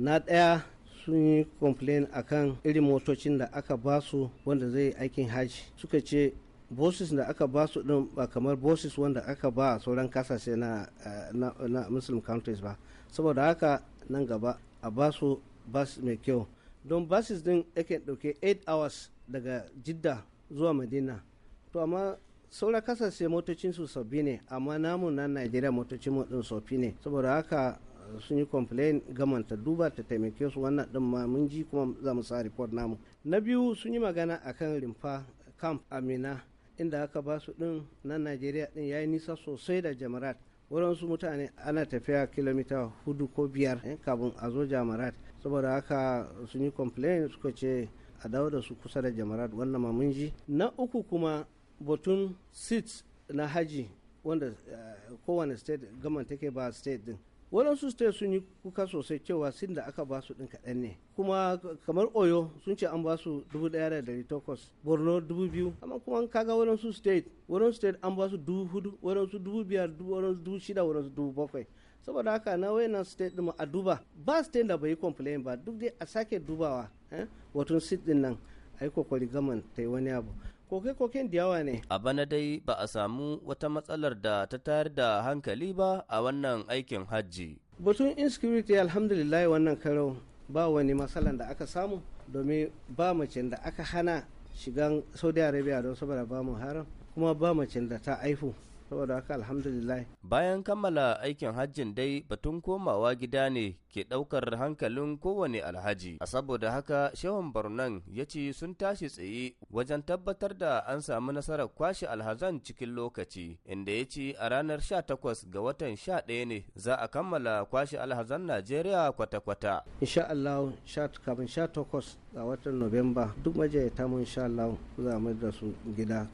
na ɗaya sun yi complain akan irin motocin da aka ba su wanda zai yi aikin haji suka ce bosses da aka ba su din ba kamar bosses wanda aka ba a sauran kasashe na, eh, na, na muslim countries ba saboda haka nan gaba a ba su bus mai kyau don buses din yake dauke 8 hours daga jidda zuwa madina to amma sauran kasashe motocin su sabi ne amma namu na nigeria motocin mu din sofi ne saboda haka sun yi complain gaman ta duba ta taimake su wannan din ma mun ji kuma za mu sa report namu na biyu sun yi magana akan rimfa camp amina inda aka ba su din na najeriya din yayi nisa sosai da jamarat su mutane ana tafiya kilomita hudu ko biyar eh, kabin a zo jamarat saboda haka sun yi complain suka ce a dawo da su kusa da jamarat wannan ma mun ji na uku kuma batun seats na haji wanda eh, kowane state gaman take ba state din waɗansu state sun yi kuka sosai cewa sin da aka su ɗin kaɗan ne kuma kamar oyo sun ce an ba dubu 1,800 da dari borno dubu biyu amma kuma kaga waɗansu state waɗansu state an ba dubu hudu waɗansu dubu waɗansu dubu shida waɗansu dubu saboda haka na wayannan state ɗin a duba ba state da bai yi complain ba duk dai a sake dubawa eh, wato sit ɗin nan aiko gaman ta yi wani abu koke-koken da yawa ne a bana dai ba a samu wata matsalar da ta tayar da hankali ba a wannan aikin hajji batun insecurity alhamdulillah wannan karo ba wani matsalar da aka samu domin ba macen da aka hana shigan saudi arabia don saboda ba mu haram kuma ba macen da ta aihu saboda haka alhamdulillah bayan kammala aikin hajjin dai batun komawa gida ne ke ɗaukar hankalin kowane alhaji a saboda haka shehun barnan ya ce sun tashi tsaye wajen tabbatar da an samu nasarar kwashe alhazan cikin lokaci inda ya ce a ranar 18 ga watan 11 ne za a kammala kwashe alhazan najeriya kwata-kwata insha Allah 18 ga watan Nuwamba duk ta mun sha Allah za mu da su gida